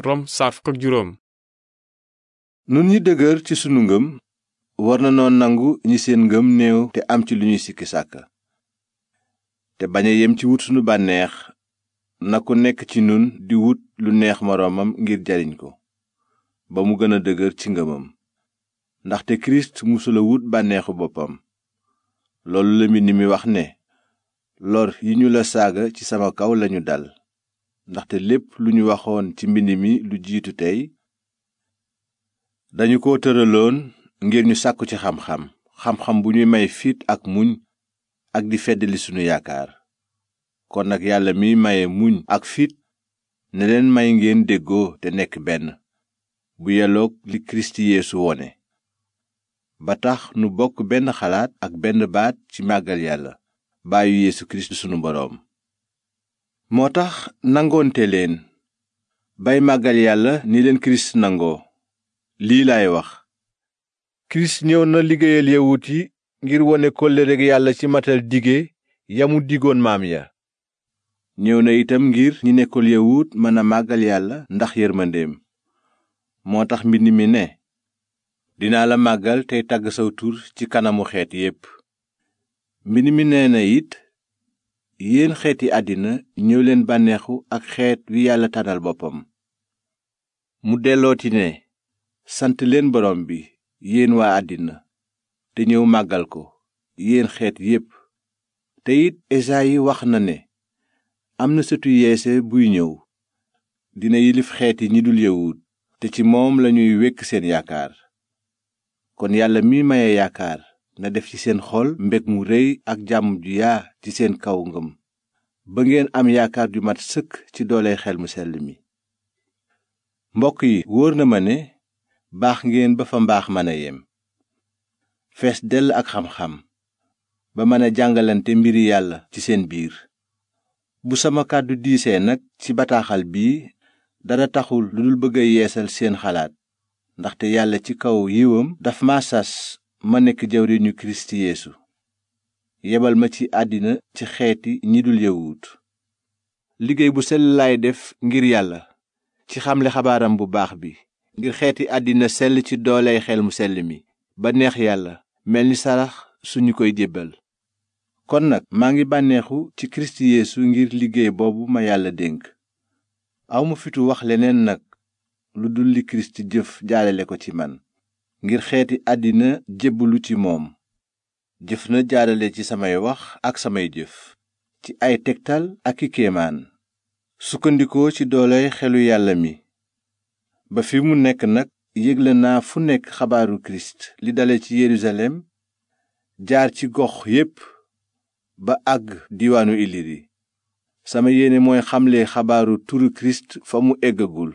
rom saar fukk nun ñi dëgër ci sunu ngëm war na noon nangu ñi seen ngëm néew te am ci lu ñuy sikki sàkka te bañ a yem ci wut sunu bànneex na ku nekk ci nun di wut lu neex moroomam ngir jariñ ko ba mu gëna dëgër ci ngëmam ndaxte kirist musula wut bànneexu boppam loolu la mi mbind mi wax ne lor yi ñu la saaga ci sama kaw lañu dal ndaxte lépp lu ñu waxoon ci mbind mi lu jiitu tey dañu ko tëraloon ngir ñu sàkku ci xamxam xamxam bu ñuy may fit ak muñ ak di feddali sunu yaakaar kon nag yàlla mi maye muñ ak fit ne leen may ngeen déggoo te nekk benn bu yelloog li kirist yeesu wone ba tax nu bokk benn xalaat ak benn baat ci màggal yàlla baayu yeesu kirist sunu boroom moo tax nangoonte leen bay màggal yàlla ni leen kirist nangoo lii lay wax kirist ñëw na liggéeyal yawut yi ngir wone kóllëreg yàlla ci matal dige yamu digoon maam ya ñëw na itam ngir ñi nekkul yawut mën a màggal yàlla ndax yërmandeem moo tax mbind mi ne dinaa la màggal tey tàgg sawtur ci kanamu xeet yépp mbind mi nee na it yéen xeeti àddina ñëw leen bànneexu ak xeet wi yàlla tànnal boppam mu dellooti ne sant leen borom bi yéen waa àddina te ñëw màggal ko yéen xeet yépp te it esayi wax na ne am na sëtu yeese buy ñëw dina yilif xeeti ñi dul yawut te ci moom lañuy wékk seen yaakaar kon yàlla mi maye yaakaar na def ci seen xol mbég mu réy ak jàmm ju yaa ci seen kaw ngëm ba ngeen am yaakaar ju mat sëkk ci doole xel mu sell mi mbokk yi wóor na ma ne baax ngeen ba fa mbaax mën a yem fees dell ak xam-xam ba mën a jàngalante mbir yàlla ci seen biir bu sama kàddu diisee nag ci bataaxal bii dara taxul lu dul bëgg a yeesal seen xalaat ndaxte yàlla ci kaw yiwam daf ma sas ma nekk jawriñu kirist yebal ma ci àddina ci xeeti ñi dul yawut liggéey bu sell laay def ngir yàlla ci xamle xabaaram bu baax bi ngir xeeti àddina sell ci dooley xel mu sell mi ba neex yàlla mel ni sarax suñu koy jébbal kon nag maa ngi bànneexu ci kirist yeesu ngir liggéey boobu ma yàlla dénk awma fitu wax leneen nag lu dul li kirist jëf jaalale ko ci man ngir xeeti àddina jébbalu ci moom jëf na jaarale ci samay wax ak samay jëf ci ay tegtal ak i kéemaan sukkandikoo ci doole xelu yàlla mi ba fi mu nekk nag yëgle naa fu nekk xabaaru kirist li dale ci yerusalem jaar ci gox yépp ba àgg diwaanu iliri sama yéene mooy xamle xabaaru turu kirist fa mu eggagul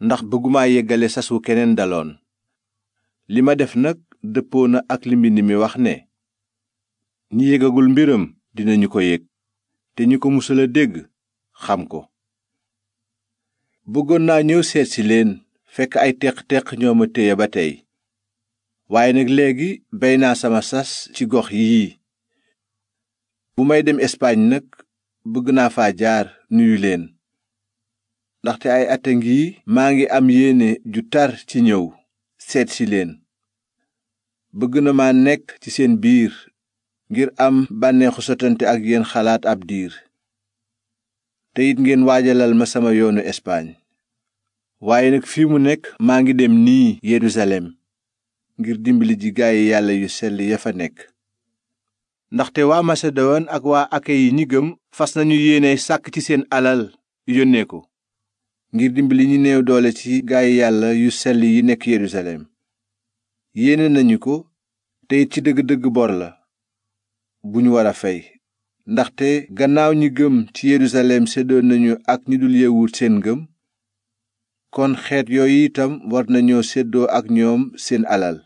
ndax bëgguma yeggale sasu keneen daloon li ma def nag dëppoo na ak li mbind mi wax ne ñi yëgagul mbiram dinañu ko yëg te ñi ko musal a dégg xam ko bëggoon naa ñëw seet si leen fekk ay teq-teq ñoo ma téye ba tey waaye nag léegi bay naa sama sas ci gox yii bu may dem Espagne nag bëgg naa fa jaar nuyu leen ndaxte ay at a ngi maa ngi am yéene ju tar ci ñëw seetsi leen bëgg na ma nekk ci seen biir ngir am bànneexu sotante ak yéen xalaat ab diir te it ngeen waajalal ma sama yoonu Espagne waaye nag fi mu nekk maa ngi dem nii Yerusalem ngir dimbali ji gaayi yàlla yu sell ya fa nekk ndaxte waa Masedowan ak waa Akayi ñi gëm fas nañu yéene sàkk ci seen alal yónnee ko ngir dimbali ñi néew doole ci gaay yàlla yu sell yi nekk Yerusalem yéene nañu ko te ci dëgg-dëgg bor la bu ñu war a fay ndaxte gannaaw ñi gëm ci Yerusalem seddoo nañu ak ñu dul yewut seen ngëm kon xeet yooyu itam war nañoo seddoo ak ñoom seen alal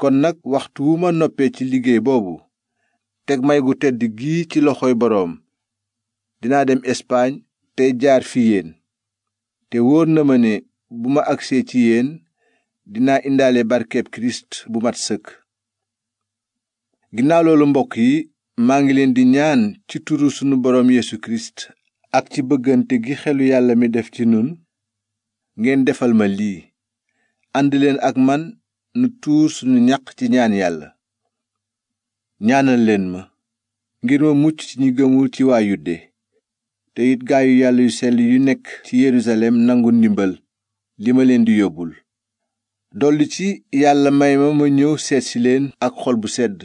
kon nag waxtu wu ma noppee ci liggéey boobu teg may gu tedd gii ci loxoy boroom dinaa dem Espagne te jaar fi yéen te wóor na ma ne bu ma agsee ci yéen dinaa indaale barkeeb kirist bu mat sëkk ginnaaw loolu mbokk yi maa ngi leen di ñaan ci turu sunu boroom yeesu kirist ak ci bëggante gi xelu yàlla mi def ci nun ngeen defal ma lii ànd leen ak man nu tuur sunu ñaq ci ñaan yàlla ñaanal leen ma ngir ma mucc ci ñi gëmul ci waa yudde te it gaayu yàlla yu sell yu nekk ci yerusalem nangu ndimbal li ma leen di yóbbul dolli ci yàlla may ma ma ñëw seetsi leen ak xol bu sedd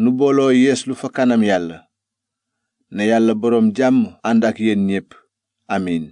nu booloo lu fa kanam yàlla ne yàlla boroom jàmm ànd ak yéen ñépp amiin